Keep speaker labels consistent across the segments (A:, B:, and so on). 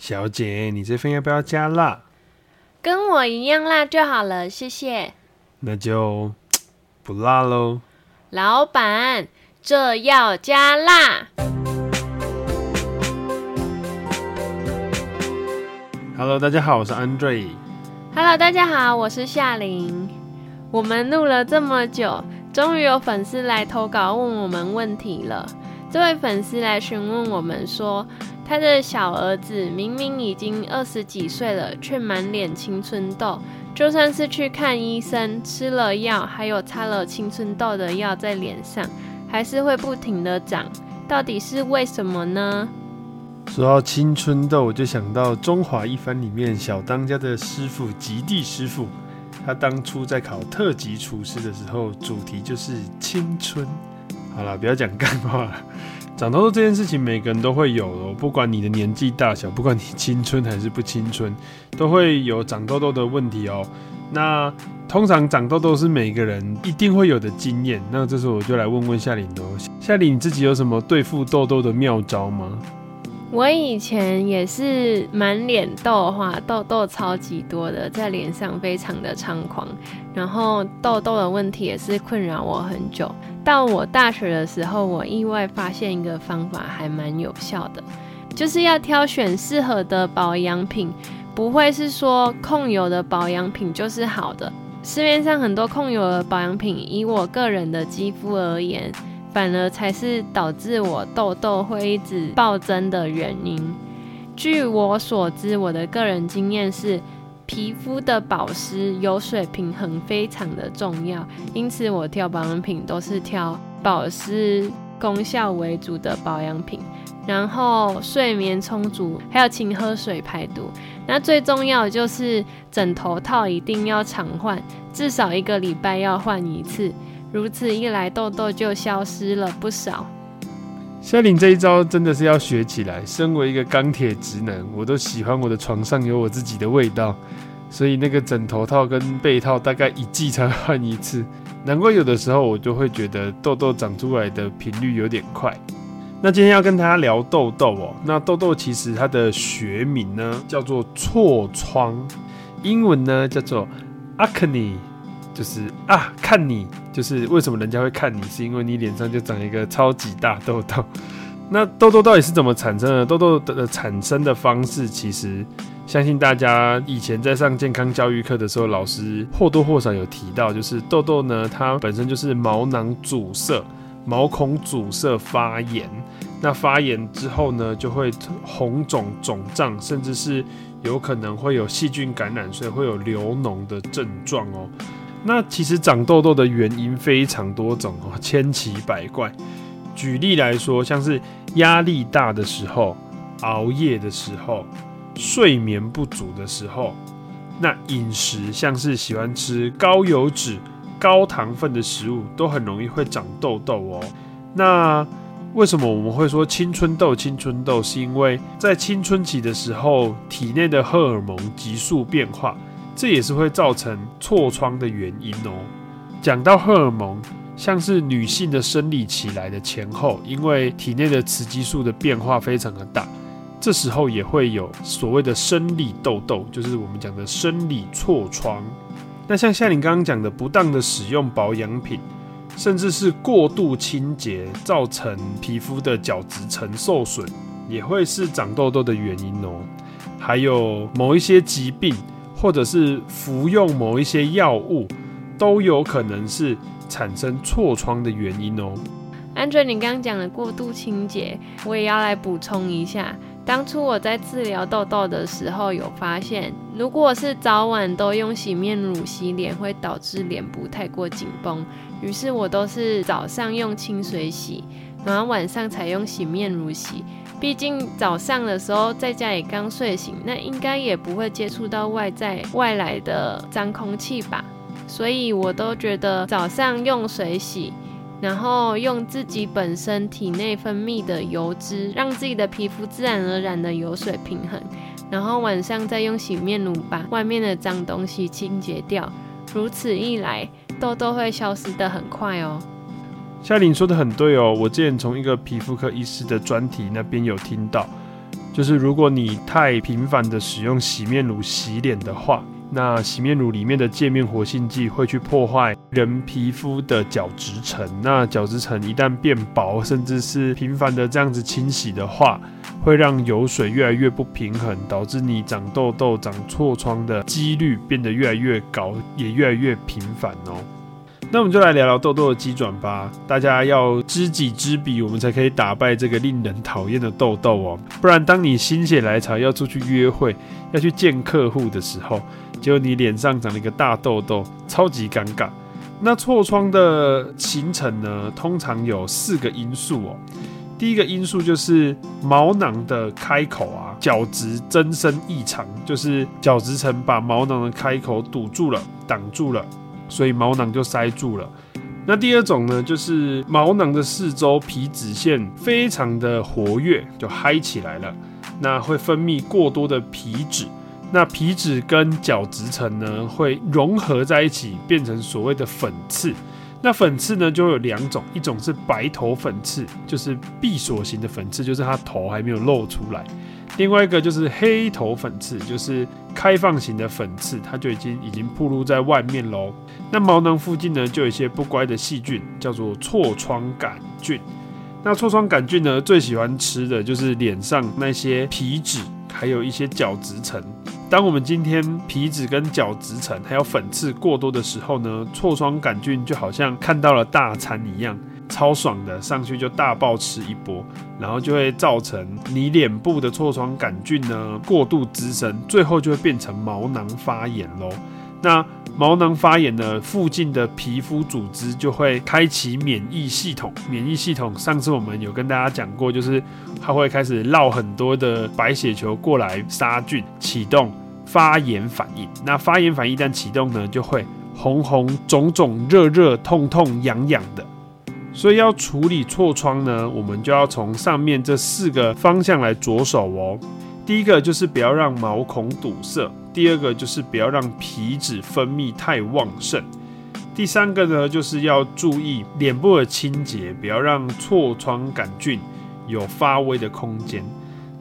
A: 小姐，你這份要不要加辣？
B: 跟我一樣辣就好了，謝謝。
A: 那就不辣嘍。
B: 老闆，這要加辣。
A: Hello，大家好，我是 Andre。
B: Hello，大家好，我是夏琳。我們錄了這麼久，終於有粉絲來投稿問我們問題了。這位粉絲來詢問我們說，他的小兒子明明已經二十幾歲了，卻滿臉青春痘。就算是去看醫生，吃了藥，還有擦了青春痘的藥在臉上，還是會不停的長。到底是為什麼呢？
A: 說到青春痘，我就想到《中華一番》裡面小當家的師傅及第師傅。他當初在考特級廚師的時候，主題就是青春。好了，不要講幹話了。長痘痘這件事情，每個人都會有喔，不管你的年紀大小，不管你青春還是不青春，都會有長痘痘的問題哦、喔。那通常長痘痘是每個人一定會有的經驗。那這時候我就來問問夏琳嘍，夏琳你自己有什麼對付痘痘的妙招嗎？
B: 我以前也是滿臉痘，哈，痘痘超級多的，在臉上非常的猖狂，然後痘痘的問題也是困擾我很久。到我大學的時候，我意外發現一個方法還蠻有效的，就是要挑選適合的保養品。不會是說控油的保養品就是好的，市面上很多控油的保養品，以我個人的肌膚而言，反而才是導致我痘痘會一直暴增的原因。據我所知，我的個人經驗是。皮膚的保濕、油水平衡非常的重要，因此我挑保養品都是挑保濕功效為主的保養品。然後睡眠充足，還有勤喝水排毒。那最重要的就是枕頭套一定要常換，至少一個禮拜要換一次。如此一來，痘痘就消失了不少。
A: 夏琳這一招真的是要學起來。身為一個鋼鐵直男，我都喜歡我的床上有我自己的味道，所以那個枕頭套跟被套大概一季才換一次。難怪有的時候我就會覺得痘痘長出來的頻率有點快。那今天要跟大家聊痘痘哦、喔。那痘痘其實它的學名呢叫做痤瘡，英文呢叫做 acne，就是啊看你。就是為什麼人家會看你，是因為你臉上就長一個超級大痘痘。那痘痘到底是怎麼產生的？痘痘的產生的方式，其實相信大家以前在上健康教育課的時候，老師或多或少有提到，就是痘痘呢，它本身就是毛囊阻塞、毛孔阻塞發炎。那發炎之後呢，就會紅腫、腫脹，甚至是有可能會有細菌感染，所以會有流膿的症狀哦。那其實長痘痘的原因非常多種哦，千奇百怪。舉例來說，像是壓力大的時候、熬夜的時候、睡眠不足的時候，那飲食像是喜歡吃高油脂、高糖分的食物，都很容易會長痘痘哦。那為什麼我們會說青春痘？青春痘是因為在青春期的時候，體內的荷爾蒙急速變化。這也是會造成痤瘡的原因哦。講到荷爾蒙，像是女性的生理期來的前後，因為體內的雌激素的變化非常的大，這時候也會有所謂的生理痘痘，就是我們講的生理痤瘡。那像夏琳剛剛講的，不當的使用保養品，甚至是過度清潔，造成皮膚的角質層受損，也會是長痘痘的原因哦。還有某一些疾病。或者是服用某一些藥物，都有可能是產生痤瘡的原因哦、喔。
B: 安 n 你剛剛講的過度清潔，我也要來補充一下。當初我在治療痘痘的時候，有發現，如果我是早晚都用洗面乳洗臉，會導致臉部太過緊繃。於是，我都是早上用清水洗，然後晚上才用洗面乳洗。畢竟早上的時候在家也剛睡醒，那應該也不會接觸到外在外來的髒空氣吧，所以我都覺得早上用水洗，然後用自己本身體內分泌的油脂，讓自己的皮膚自然而然的油水平衡，然後晚上再用洗麵乳把外面的髒東西清潔掉，如此一來，痘痘會消失得很快哦。
A: 夏琳說的很對哦，我之前從一個皮膚科醫師的專題那邊有聽到，就是如果你太頻繁的使用洗面乳洗臉的話，那洗面乳裡面的界面活性劑會去破壞人皮膚的角質層，那角質層一旦變薄，甚至是頻繁的這樣子清洗的話，會讓油水越來越不平衡，導致你長痘痘、長痤瘡的幾率變得越來越高，也越來越頻繁哦。那我們就來聊聊痘痘的機轉吧。大家要知己知彼，我們才可以打敗這個令人討厭的痘痘哦。不然，當你心血來潮要出去約會、要去見客戶的時候，結果你臉上長了一個大痘痘，超級尷尬。那痤瘡的形成呢，通常有四個因素哦。第一個因素就是毛囊的開口啊，角質增生異常，就是角質層把毛囊的開口堵住了，擋住了。所以毛囊就塞住了。那第二種呢，就是毛囊的四周皮脂腺非常的活躍，就嗨起來了。那會分泌過多的皮脂，那皮脂跟角質層呢會融合在一起，變成所謂的粉刺。那粉刺呢就有兩種，一種是白頭粉刺，就是閉鎖型的粉刺，就是它頭還沒有露出來；另外一個就是黑頭粉刺，就是開放型的粉刺，它就已經已經暴露在外面嘍。那毛囊附近呢，就有一些不乖的細菌，叫做痤瘡桿菌。那痤瘡桿菌呢，最喜歡吃的就是臉上那些皮脂，還有一些角質層。當我們今天皮脂跟角質層還有粉刺過多的時候呢，痤瘡桿菌就好像看到了大餐一樣，超爽的上去就大爆吃一波，然後就會造成你臉部的痤瘡桿菌呢過度滋生，最後就會變成毛囊發炎咯。那毛囊發炎的附近的皮膚組織就會開啟免疫系統，免疫系統上次我們有跟大家講過，就是它會開始繞很多的白血球過來殺菌，啟動發炎反應。那發炎反應一旦啟動呢，就會紅紅、腫腫、熱熱、痛痛、癢癢的。所以要處理痤瘡呢，我們就要從上面這四個方向來着手哦。第一個就是不要讓毛孔堵塞。第二個就是不要讓皮脂分泌太旺盛，第三個呢，就是要注意臉部的清潔，不要讓痤瘡桿菌有發威的空間。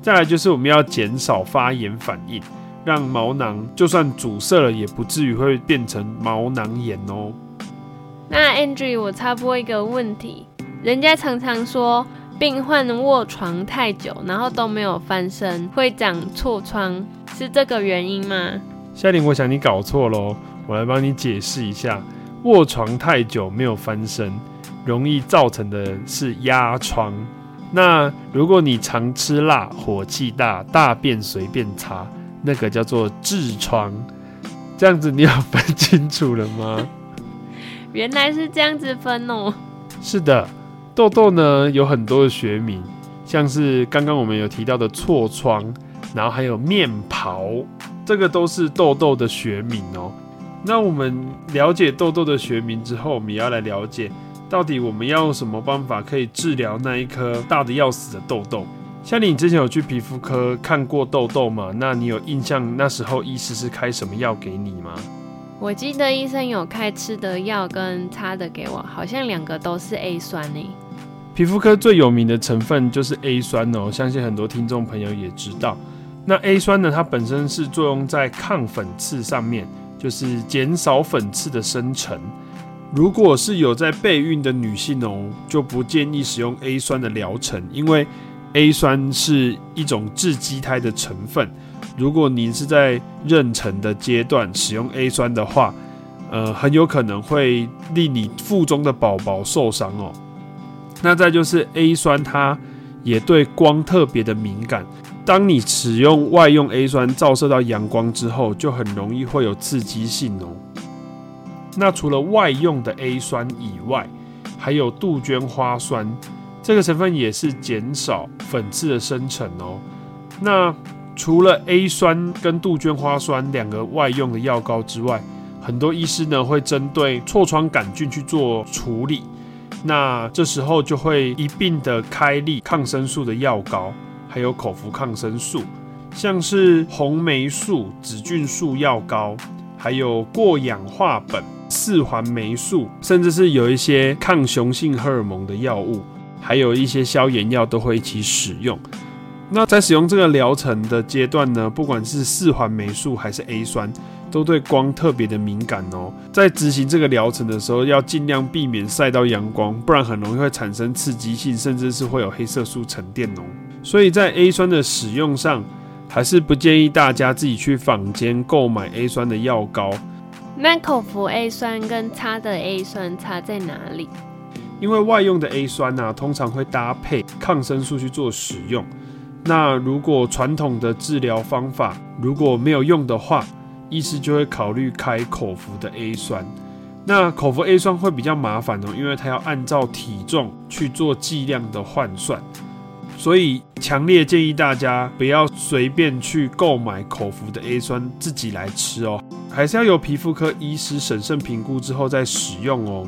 A: 再來就是我們要減少發炎反應，讓毛囊就算阻塞了也不至於會變成毛囊炎哦、喔。
B: 那 Andrew，我插播一個問題，人家常常說。病患臥床太久，然後都沒有翻身，會長痤瘡，是這個原因嗎？
A: 夏琳，我想你搞錯嘍，我來幫你解釋一下，臥床太久沒有翻身，容易造成的是壓瘡。那如果你常吃辣，火氣大，大便隨便擦，那個叫做痔瘡。這樣子你要分清楚了嗎？
B: 原來是這樣子分哦。
A: 是的。痘痘呢，有很多的學名，像是剛剛我們有提到的痤瘡，然後還有面皰，這個都是痘痘的學名哦。那我們了解痘痘的學名之後，我們也要來了解到底我們要用什麼方法可以治療那一顆大的要死的痘痘。像你之前有去皮膚科看過痘痘嗎？那你有印象那時候醫師是開什麼藥給你嗎？
B: 我記得醫生有開吃的藥跟擦的給我，好像兩個都是 A 酸呢。
A: 皮膚科最有名的成分就是 A 酸哦，相信很多聽眾朋友也知道。那 A 酸呢，它本身是作用在抗粉刺上面，就是減少粉刺的生成。如果是有在備孕的女性哦，就不建議使用 A 酸的療程，因為 A 酸是一種致畸胎的成分。如果你是在妊娠的階段使用 A 酸的話，呃，很有可能會令你腹中的寶寶受傷哦。那再就是 A 酸，它也對光特別的敏感。當你使用外用 A 酸照射到陽光之後，就很容易會有刺激性哦、喔。那除了外用的 A 酸以外，還有杜鵑花酸，這個成分也是減少粉刺的生成哦、喔。那除了 A 酸跟杜鵑花酸兩個外用的藥膏之外，很多醫師呢會針對痤瘡桿菌去做處理。那這時候就會一併的開立抗生素的藥膏，還有口服抗生素，像是紅黴素、紫菌素藥膏，還有過氧化苯、四環黴素，甚至是有一些抗雄性荷爾蒙的藥物，還有一些消炎藥都會一起使用。那在使用這個療程的階段呢，不管是四環黴素還是 A 酸。都對光特別的敏感哦，在執行這個療程的時候，要盡量避免曬到陽光，不然很容易會產生刺激性，甚至是會有黑色素沉澱哦。所以在 A 酸的使用上，還是不建議大家自己去坊間購買 A 酸的藥膏。
B: 那口服 A 酸跟擦的 A 酸差在哪裡？
A: 因為外用的 A 酸吶，通常會搭配抗生素去做使用。那如果傳統的治療方法如果沒有用的話，醫師就會考慮開口服的 A 酸，那口服 A 酸會比較麻煩哦、喔，因為它要按照體重去做劑量的換算，所以強烈建議大家不要隨便去購買口服的 A 酸自己來吃哦、喔，還是要由皮膚科醫師審慎評估之後再使用哦、喔。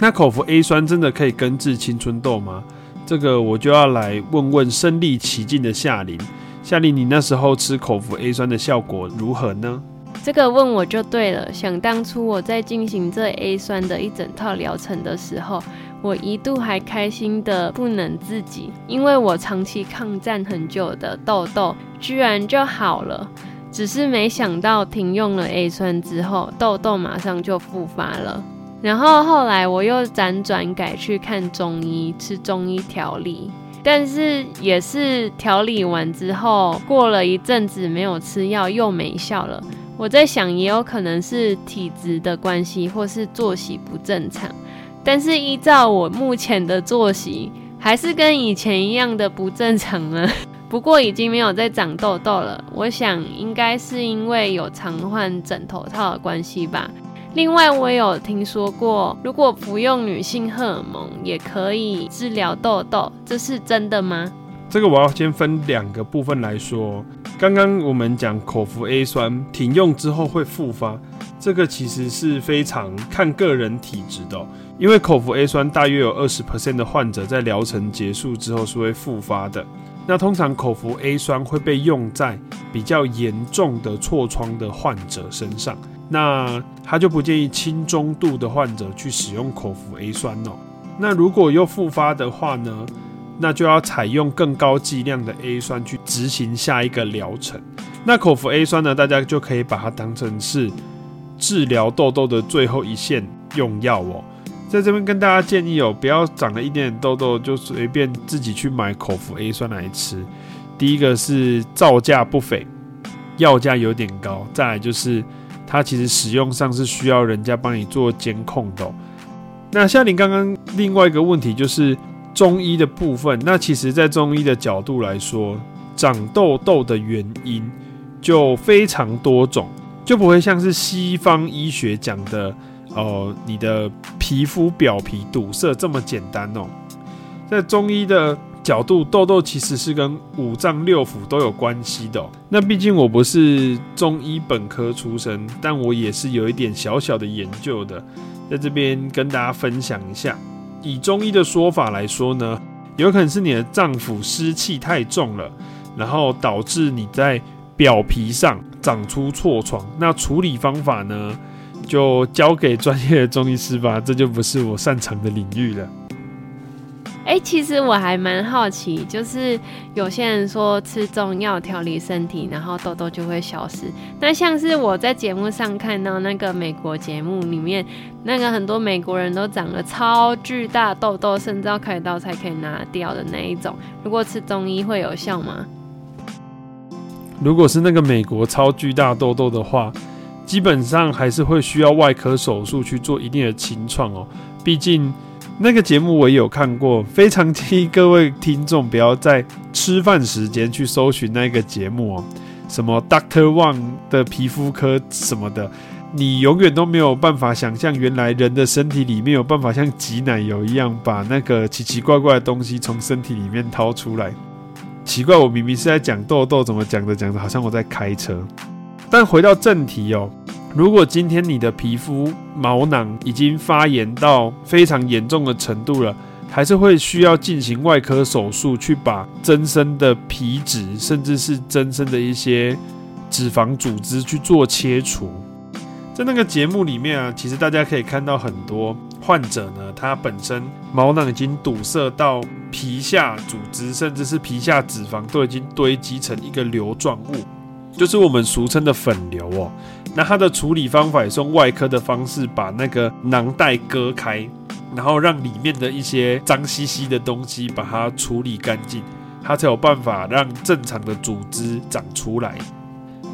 A: 那口服 A 酸真的可以根治青春痘嗎？這個我就要來問問身歷其境的夏琳，夏琳，你那時候吃口服 A 酸的效果如何呢？
B: 這個問我就對了。想當初我在進行這 A 酸的一整套療程的時候，我一度還開心得不能自己，因為我長期抗戰很久的痘痘居然就好了。只是沒想到停用了 A 酸之後，痘痘馬上就復發了。然後後來我又輾轉改去看中醫，吃中醫調理，但是也是調理完之後，過了一陣子沒有吃藥又沒效了。我在想，也有可能是體質的關係，或是作息不正常。但是依照我目前的作息，還是跟以前一樣的不正常了。 不過已經沒有再長痘痘了。我想應該是因為有常換枕頭套的關係吧。另外，我有聽說過，如果不用女性荷爾蒙也可以治療痘痘，這是真的嗎？
A: 這個我要先分兩個部分來說。剛剛我們講口服 A 酸停用之後會復發，這個其實是非常看個人體質的哦，因為口服 A 酸大約有二十 percent 的患者在療程結束之後是會復發的。那通常口服 A 酸會被用在比較嚴重的痤瘡的患者身上，那他就不建議輕中度的患者去使用口服 A 酸哦。那如果又復發的話呢？那就要採用更高劑量的 A 酸去執行下一個療程。那口服 A 酸呢？大家就可以把它當成是治療痘痘的最後一線用藥哦。在這邊跟大家建議哦，不要長了一點點痘痘就隨便自己去買口服 A 酸來吃。第一個是造價不菲，藥價有點高；再來就是它其實使用上是需要人家幫你做監控的。那像你剛剛另外一個問題就是。中醫的部分，那其實，在中醫的角度來說，長痘痘的原因就非常多種，就不會像是西方醫學講的，呃，你的皮膚表皮堵塞這麼簡單哦。在中醫的角度，痘痘其實是跟五臟六腑都有關係的。那畢竟我不是中醫本科出身，但我也是有一點小小的研究的，在這邊跟大家分享一下。以中醫的說法來說呢，有可能是你的臟腑濕氣太重了，然後導致你在表皮上長出痤瘡。那處理方法呢，就交給專業的中醫師吧，這就不是我擅長的領域了。
B: 哎、欸，其實我還蠻好奇，就是有些人說吃中藥調理身體，然後痘痘就會消失。那像是我在節目上看到那個美國節目裡面，那個很多美國人都長了超巨大痘痘，甚至要開刀才可以拿掉的那一種，如果吃中醫會有效嗎？
A: 如果是那個美國超巨大痘痘的話，基本上還是會需要外科手術去做一定的清創哦，畢竟。那個節目我也有看過，非常建議各位聽眾不要在吃飯時間去搜尋那個節目哦。什麼 Doctor Wang 的皮膚科什麼的，你永遠都沒有辦法想象，原來人的身體裡面有辦法像擠奶油一樣把那個奇奇怪怪的東西從身體裡面掏出來。奇怪，我明明是在講痘痘，怎麼講着講着好像我在開車？但回到正題哦。如果今天你的皮膚毛囊已經發炎到非常嚴重的程度了，還是會需要進行外科手術，去把增生的皮脂，甚至是增生的一些脂肪組織去做切除。在那個節目裡面啊，其實大家可以看到很多患者呢，他本身毛囊已經堵塞到皮下組織，甚至是皮下脂肪都已經堆積成一個瘤狀物。就是我們俗稱的粉瘤哦，那它的處理方法也是用外科的方式把那個囊袋割開，然後讓裡面的一些髒兮兮的東西把它處理乾淨，它才有辦法讓正常的組織長出來。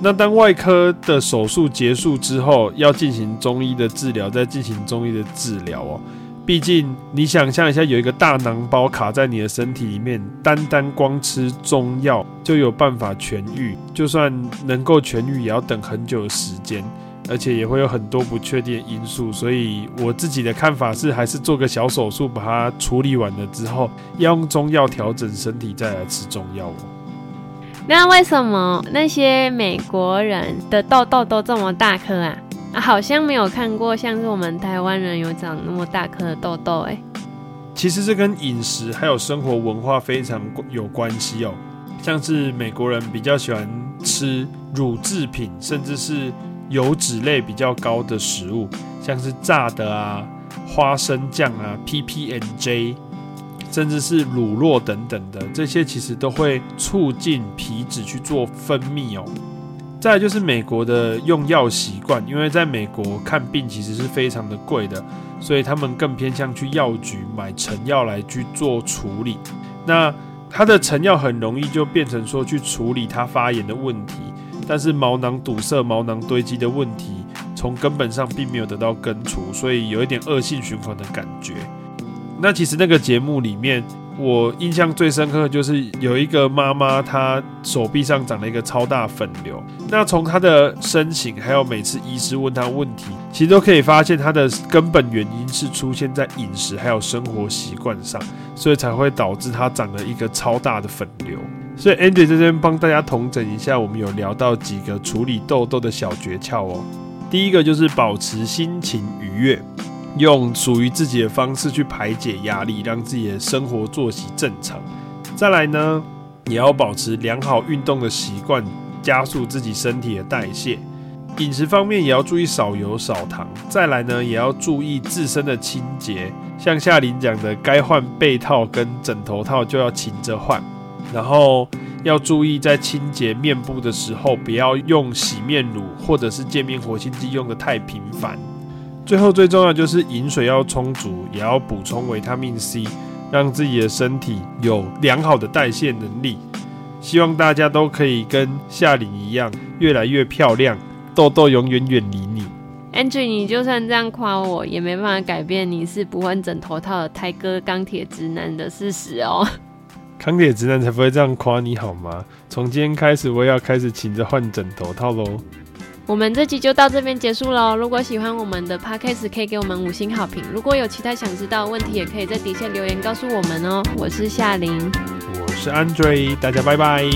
A: 那當外科的手術結束之後，要進行中醫的治療，再進行中醫的治療哦。畢竟，你想象一下，有一個大囊包卡在你的身體裡面，單單光吃中藥就有辦法痊癒，就算能夠痊癒，也要等很久的時間，而且也會有很多不確定的因素。所以我自己的看法是，還是做個小手術把它處理完了之後，要用中藥調整身體，再來吃中藥。
B: 那為什麼那些美國人的痘痘都這麼大顆啊？啊、好像沒有看過，像是我們台灣人有長那麼大顆的痘痘哎、欸。
A: 其實這跟飲食還有生活文化非常有關係哦。像是美國人比較喜歡吃乳制品，甚至是油脂類比較高的食物，像是炸的啊、花生醬啊、PB&J，甚至是乳酪等等的，這些其實都會促進皮脂去做分泌哦。再來就是美國的用藥習慣，因為在美國看病其實是非常的貴的，所以他們更偏向去藥局買成藥來去做處理。那它的成藥很容易就變成說去處理它發炎的問題，但是毛囊堵塞、毛囊堆積的問題從根本上並沒有得到根除，所以有一點惡性循環的感覺。那其實那個節目裡面。我印象最深刻的就是有一個媽媽，她手臂上長了一個超大粉瘤。那從她的身形，還有每次醫師問她問題，其實都可以發現她的根本原因是出現在飲食還有生活習慣上，所以才會導致她長了一個超大的粉瘤。所以 Andy 這邊幫大家統整一下，我們有聊到幾個處理痘痘的小訣竅哦。第一個就是保持心情愉悅。用屬於自己的方式去排解壓力，讓自己的生活作息正常。再來呢，也要保持良好運動的習慣，加速自己身體的代謝。飲食方面也要注意少油少糖。再來呢，也要注意自身的清潔，像夏琳講的，該換被套跟枕頭套就要勤着換。然後要注意在清潔面部的時候，不要用洗面乳或者是界面活性劑用得太頻繁。最後最重要就是飲水要充足，也要補充維他命 C，讓自己的身體有良好的代謝能力。希望大家都可以跟夏琳一樣，越來越漂亮，痘痘永遠遠離你。
B: Andrew，你就算這樣誇我，也沒辦法改變你是不換枕頭套的泰哥鋼鐵直男的事實哦。
A: 鋼鐵直男才不會這樣誇你好嗎？從今天開始，我也要開始勤着換枕頭套嘍。
B: 我們這集就到這邊結束囉。如果喜歡我們的 Podcast，可以給我們五星好評。如果有其他想知道的問題，也可以在底下留言告訴我們哦。我是夏琳，我
A: 是 Andre，大家拜拜。